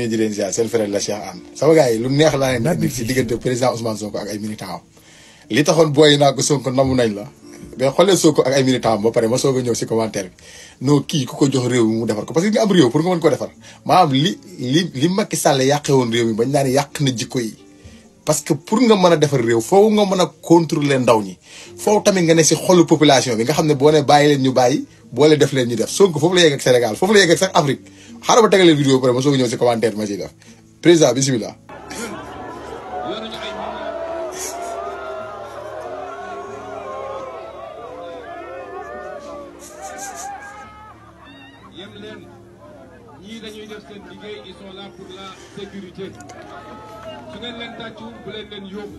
ñu di leen ziar seen frère la Cheikh Anne sama gars yi lu neex laa leen indi si diggante président Ousmane Sonko ak ay militants li taxoon booy naa kii ku ko jox réew mi mu defar ko parce que nga am réew pour nga mën ko defar maanaam li li li Macky yàqee woon réew mi bañ naa yàq na jikko yi parce que pour nga mën a defar réew foofu nga mën a contrôler ndaw ñi foofu tamit nga ne si xolu population bi nga xam ne boo ne bàyyi leen ñu bàyyi boole def leen ñu def Sonko foofu la yegg ak Sénégal foofu la yegg ak sax Afrique Harap tegal video pare ma soog ñëw si commentaire ma ciy def président bisimilah. sécurité su ngeen leen tàccu bu leen leen yóbbu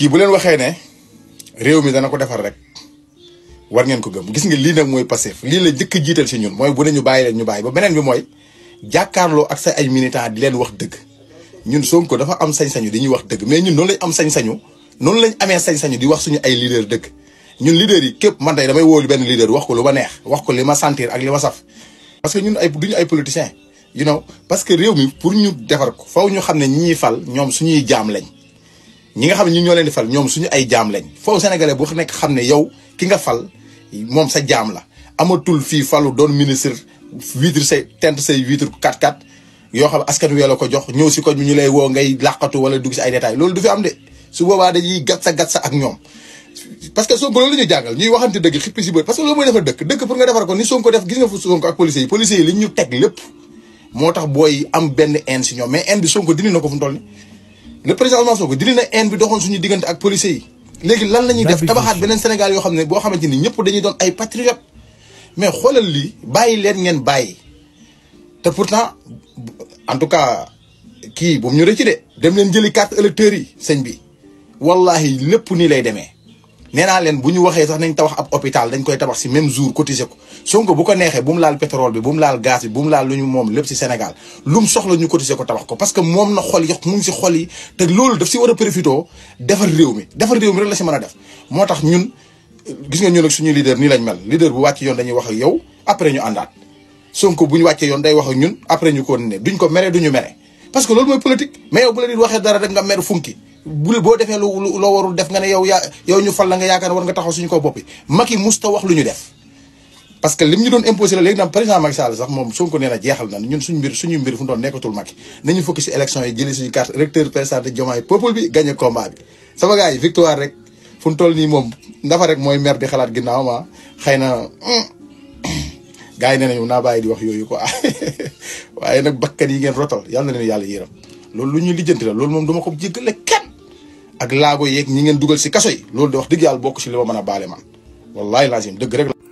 kii bu leen waxee ne réew mi dana ko defar rek war ngeen ko gëm gis nga lii nag mooy Pastef lii la njëkk jiital si ñun mooy bu ne ñu bàyyi leen ñu bàyyi ba beneen bi mooy jàkkaarloo ak sa ay militants di leen wax dëgg ñun ko dafa am sañ-sañu di ñuy wax dëgg mais ñun noonu lañ am sañ-sañu noonu lañ amee sañ-sañu di wax suñu ay leader dëgg ñun leader yi képp man tey damay woo wóolu benn leader wax ko lu ma neex wax ko li ma sentir ak li ma saf parce que ñun ay duñu ay politiciens you parce que réew mi pour ñu defar ko faw ñu xam ne ñi fal ñoom suñuy jaam lañ ñi nga xam ne ñu ñoo leen di fal ñoom suñu ay jaam lañ foofu sénégalais bu nekk xam ne yow ki nga fal moom sa jaam la amatul fii falu doon ministre vitre say tent say vitre kat kat yoo xam askan wi ko jox ñëw si koñ bi ñu lay woo ngay làqatu wala dugg si ay détails loolu du fi am de su boobaa dañuy gat sa gat sa ak ñoom parce que Sonko loolu la ñu jàngal ñuy waxante dëgg xippi si bët parce loolu mooy defar dëkk dëkk pour nga defar ko ni Sonko def gis lépp moo tax booy am benn haine mais haine bi dindi na ko fu mu le président Ousmane Sonko dindi na haine bi doxoon suñu diggante ak policiers yi. léegi lan la ñuy def tabaxaat beneen Sénégal yoo xam ne boo xamante ni ñëpp dañuy doon ay patriotes. mais xoolal lii bàyyi leen ngeen bàyyi te pourtant en tout cas kii bu ñu rëcc de dem leen jëli carte électeur yi sëñ bi wallahi lépp nii lay demee. nee naa leen bu ñu waxee sax nañ tabax ab hôpital dañ koy tabax si même jour cotiser ko Sonko bu ko neexee bu mu laal pétrole bi bu mu laal gaz bi bu mu laal lu ñu moom lépp si Sénégal lu soxla ñu cotiser ko tabax ko parce que moom na xol yi mu ngi si xol yi te loolu daf si war a profité defar réew mi defar réew mi la si mën a def moo tax ñun gis nga ñun ak suñu leader nii lañ mel leader bu wàcc yoon dañuy wax ak yow après ñu àndaat Sonko bu ñu wàccee yoon day wax ak ñun après ko ne ko mere duñu mere parce que loolu mooy politique mais yow waxee dara rek nga mer funki bu boo defee lu loo warul def nga ne yow yaa yow ñu fal la nga yaakaar war nga taxaw suñu ko boppi Macky musta wax lu ñu def parce que lim ñu doon imposé la léegi nag président Macky Sall sax moom na jeexal na ñun suñu mbir suñu mbir fu doon nekkatul Macky nañu focus ci élection yi jëli suñu carte recteur bi gagné combat bi sama gars yi victoire rek fu mu toll nii moom ndafa rek mooy maire di xalaat ginnaaw ma ah. xëy na gars yi nee nañu naa bàyyi di wax yooyu quoi waaye nag bakkan yi ngeen rotal yàlla na leen yàlla yéram loolu lu ñuy lijjanti la loolu moom duma ko jéggale ak lago yeeg ñi ngeen duggal ci kasso yi loolu de wax deug yàlla bokk ci li ma mën a man wallahi lazim deug rek. salam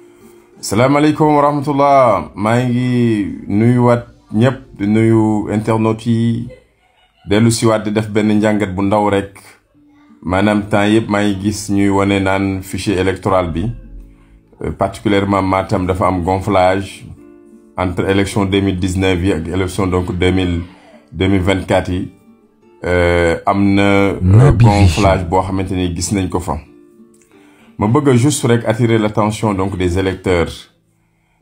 salaamaaleykum wa rahmatullah ma ngi nuyu wat ñep di nuyu internet yi dellu siwaat di def ben njàngat bu ndaw rek manam temps yep ma ngi gis ñuy woné naan fichier électoral bi euh, particulièrement Matam dafa am gonflage entre élection 2019 mille yi ak élection donc 2000 2024 yi. Euh, am na euh, gonflage boo xamante ni gis nañ ko fa ma bëgg a juste rek attirer l'attention donc des électeurs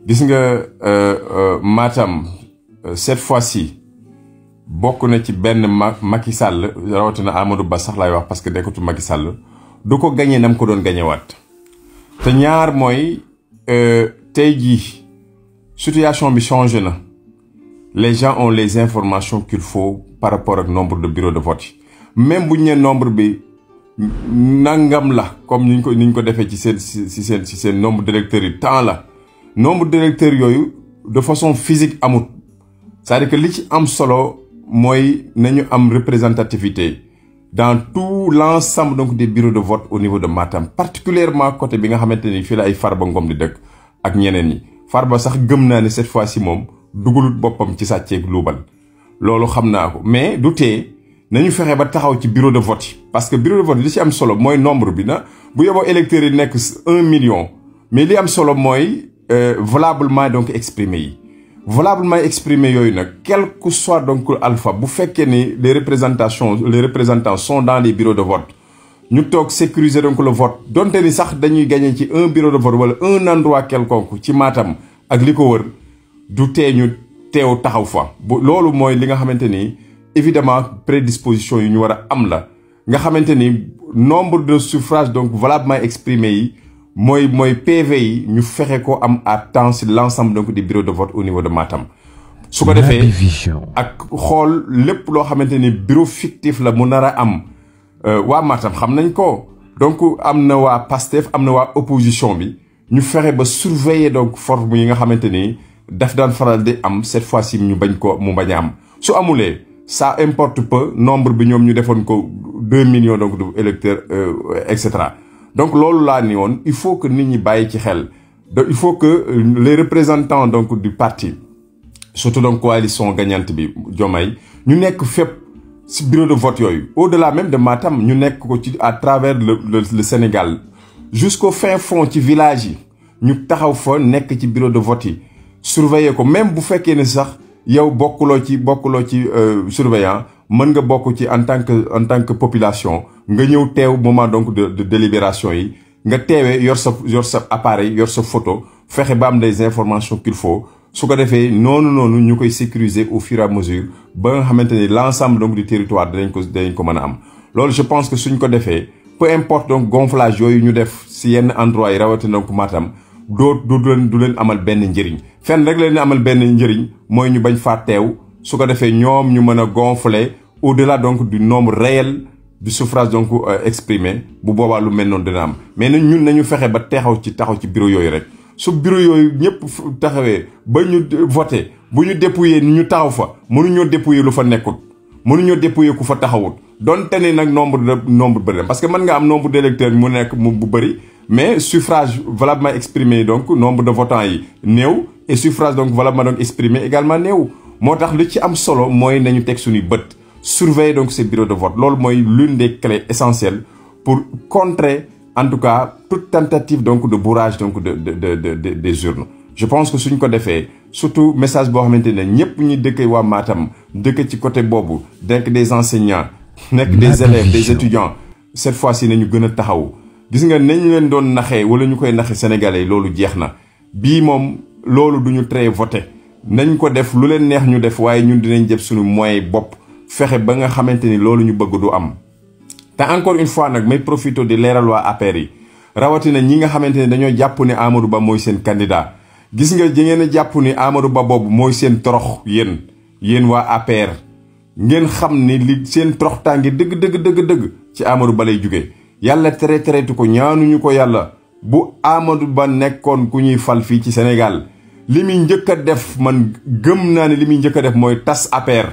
gis nga euh, Matam cette fois-ci bokk na ci benn Macky Sall rawatina Amadou Ba sax laay wax parce que nekkatu Macky Sall du ko nam ko doon gañewaat te ñaar mooy tey jii situation bi changé na les gens ont les informations qu'il faut par rapport au nombre de bureaux de vote même si le nombre bi nangam la comme ni le ko si c'est ko défé ci ci ci nombre d'électeurs yi tant nombre d'électeurs de façon physique c'est-à-dire que li ci am solo moy nañu am représentativité dans tout l'ensemble donc des bureaux de vote au niveau de Matam particulièrement côté bi nga xamante ni fii la ay Farba Ngom di dëkk ak ñeneen ñi Farba sax gëm na ni cette fois-ci femme, dugalut bopam ci sàcceeg luubal loolu xam naa ko mais du tee nañu fexé ba taxaw ci bureau de vote parce que bureau de vote li ci am solo moy nombre bi na bu yeboo électeurs yi nek un million mais li am solo euh, valablement donc exprimé yi valablement exprimé yooyu nak quel que soit donc alpha bu féké ni les représentations les représentants sont dans les bureaux de vote ñu tok sécuriser donc le vote donté ni sax dañuy gagner ci un bureau de vote wala un endroit quelconque ci Matam ak liko wër doutez ñu téw taxaw fa lolu moy li nga évidemment prédisposition yu ñu wara am la nga nombre de suffrages donc valablement exprimés yi moy mooy PV yi ñu am à donc des bureaux de vote au niveau de Matam su ko ak xol lepp bureau fictif la mu am euh, Matam donc opposition bi ñu surveiller donc forme d'Afdan daan am cette fois ci nous bañ ko mu bañ a am ça importe peu le nombre de nous ñu defoon ko millions d'électeurs, etc. donc euh, lolo la il faut que nous nous bàyyi il faut que euh, les représentants donc du parti surtout dans la coalition gagnante nous ne ñu nekk fépp ci bureau de vote au-delà même de Matam nous nekk à travers le le Sénégal jusqu'au fin fond du village nous ñu taxaw que nekk bureau de vote surveiller ko même bu fekkee ne sax yow bokkuloo ci bokkuloo ci euh, surveillant mën nga bokk ci en tant que en tant que population nga ñew teew moment donc de de délibération yi nga téwé yor sa yor sa appareil yor sa photo fexé ba am des informations qu'il faut su ko défé non noonu ñu koy sécuriser au fur et à mesure ba nga xamanteni l'ensemble donc du territoire dañ ko dañ ko mëna am loolu je pense que suñ ko défé peu importe donc gonflage yooyu ñu def ci yenn endroit yi rawatina donc Matam doo du leen du leen amal benn njëriñ fenn rek leen amal benn njëriñ mooy ñu bañ faa teew su ko defee ñoom ñu mën a gonfler au-delà donc du nombre réel du suffrage donc euh, exprimé bu boobaa lu mel noonu dina am mais na ñun nañu fexe ba taxaw ci taxaw ci bureau yooyu rek su bureau yooyu ñëpp taxawee ba ñu voté bu ñu dépouillé ñu taxaw fa mënuñoo dépouillé lu fa nekkut mënuñoo dépouillé ku fa taxawut donte ne nag nombre de nombre bëri parce que mën nga am nombre d'électeurs mu nekk mu bu bëri mais suffrage valablement exprimé donc nombre de votants yi néo et suffrage donc valablement exprimé également néo motax tax li ci am solo moy nañu tek suñu but surveiller donc ces bureaux de vote c'est l'une des clés essentielles pour contrer en tout cas toute tentative donc de bourrage donc de de de des urnes. je pense que suñ ko fait surtout message que xamante ñepp ñi ñu wa Matam dëkk ci côté fait des enseignants. nek des élèves des étudiants cette fois-ci nañu gëna taxaw. gis nga nañ leen doon naxee wala ñu koy naxe sénégalais loolu jeex na bii moom loolu duñu ñu très voté nañ ko def lu leen neex ñu def waaye ñun dinañ jëf suñu moyen bopp fexe ba nga xamante ni loolu ñu bëgg du am te encore une fois nag may profité di leeral waa APR yi rawatina ñi nga xamante ne dañoo jàpp ne Amadou Ba mooy seen candidat gis nga ji ngeen a ni Amadou Ba boobu mooy seen torox yéen yéen waa APR ngeen xam ni li seen toroxtaange dëgg dëgg ci Amadou Ba lay jugee yàlla tere teretu ko ñu ko yàlla bu Amadou Ba nekkoon ku ñuy fal fii ci Sénégal li muy njëkk a def man gëm naa ne li muy njëkk def mooy tas APR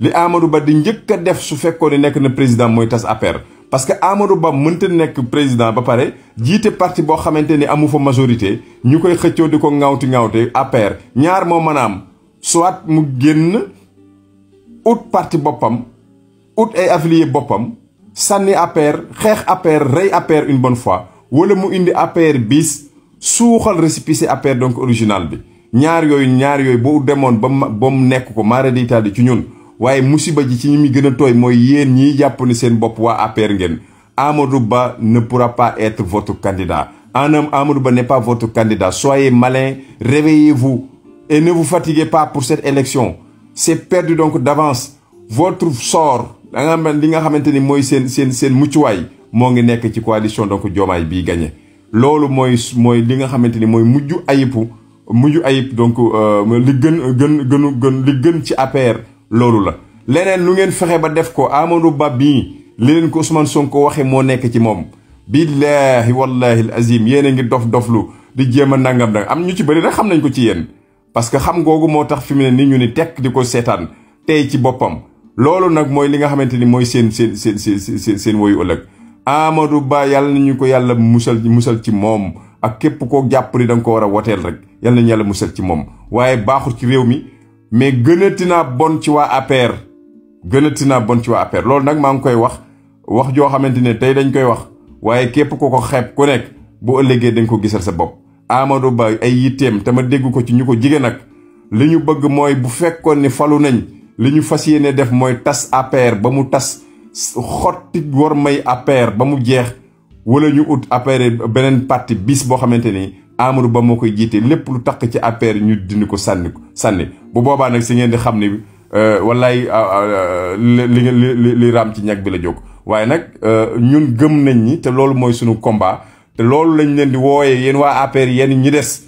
li Amadou Ba di njëkk a def su fekkoon ne nekk na président mooy tas APR parce que Amadou Ba mënta nekk président ba pare jiite parti boo xamante ni amu fa majorité ñu koy xëccoo di ko ŋawti ŋawte APR ñaar moo mën a am soit mu génn ut parti boppam ut ay affilié boppam sànni aper xeex aper rey aper une bonne fois wala mu indi aper bis suuxal récépissé aper donc original bi ñaar yoy ñaar yoy bo demone bam ba mu nekk ko mara di ci ñun waye musiba ji ci ñi mi gëna toy moy yeen ñi japp ni ne seen bopp waa APR ngeen Amadou Ba ne pourra pas être votre candidat en homme Amadou Ba n'est pas votre candidat soyez malin réveillez-vous et ne vous fatiguez pas pour cette élection c'est perdu donc d'avance votre sort da nga li nga xamante ni mooy seen seen muccuwaay moo ngi nekk ci coalition donc Diomaye bii gagné loolu mooy mooy li nga xamante ni mooy mujj ayibu mujj ayib donc euh, li gën gën gënu gën li gën ci APR loolu la. leneen lu ngeen fexe ba def ko Amadou Ba bii li leen ko Ousmane ko waxee moo nekk ci moom billahi wallahi al azim yéen a ngi dof doflu di jéem a nangam nag am ñu ci bëri rek xam nañ ko ci yéen. parce que xam googu moo tax fi mu ne nii ñu ni tekk di ko seetaan tey ci boppam loolu nag mooy li nga xamante ni mooy seen seen seen seen seen woyu ëllëg Amadou Ba yàlla nañu ko yàlla musal musal ci moom ak képp koo jàpp ni da ko war a woteel rek yàlla nañu yàlla musal ci moom waaye baaxul ci réew mi mais gënati naa bon ci waa APR gënati naa bon ci waa APR loolu nag maa ngi koy wax wax joo xamante ne tey dañ koy wax waaye képp ko ko xeeb ku nekk bu ëllëgee dañ ko gisal sa bopp Amadou Ba ay yitteem te ma dégg ko ci ñu ko jigéen nag li ñu bëgg mooy bu fekkoon ni falu nañ li ñu fas yéene def mooy tas APR ba mu tas xotti war may APR ba mu jeex wala ñu ut APR beneen parti bis boo xamante ni Amadou Ba moo koy jiitee lépp lu takk ci APR ñu dindi ko sànni ko sànni bu boobaa nag si ngeen di xam ni euh, wallaay euh, euh, li li li raam ci ñag bi la jóg. waaye nag ñun gëm nañ ñi te loolu mooy suñu combat te loolu lañ leen di woowee yéen waa APR yéen ñi des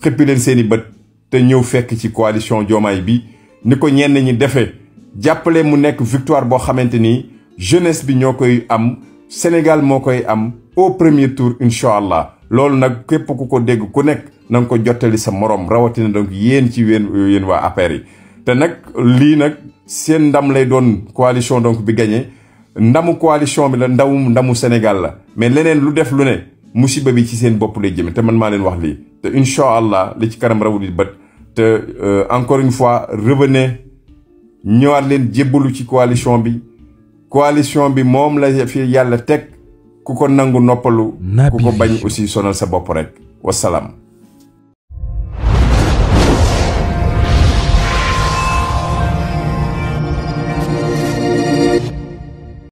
xëppi leen seen i bët te ñëw fekk ci coalition Diomaye bi. ni ko ñenn ñi defee jàppale mu nekk victoire boo xamante ni jeunesse bi ñoo koy am Sénégal moo koy am au premier tour incha allah loolu nag képp ku ko dégg ku nekk na ko jottali sa morom rawatina donc yéen ci wéen waa APR yi. te nag lii nag seen ndam lay doon coalition donc bi gañe ndamu coalition bi la ndawum ndamu Sénégal la mais leneen lu def lu ne musiba bi ci seen bopp lay jëme te man maa leen wax lii te incha allah li ci kanam rawu di bët. te euh, encore une fois revenez ñëwaat leen jébbalu ci coalition bi coalition bi moom la fi yàlla teg ku ko nangu noppalu ku ko bañ aussi sonal sa bopp rek wasalaam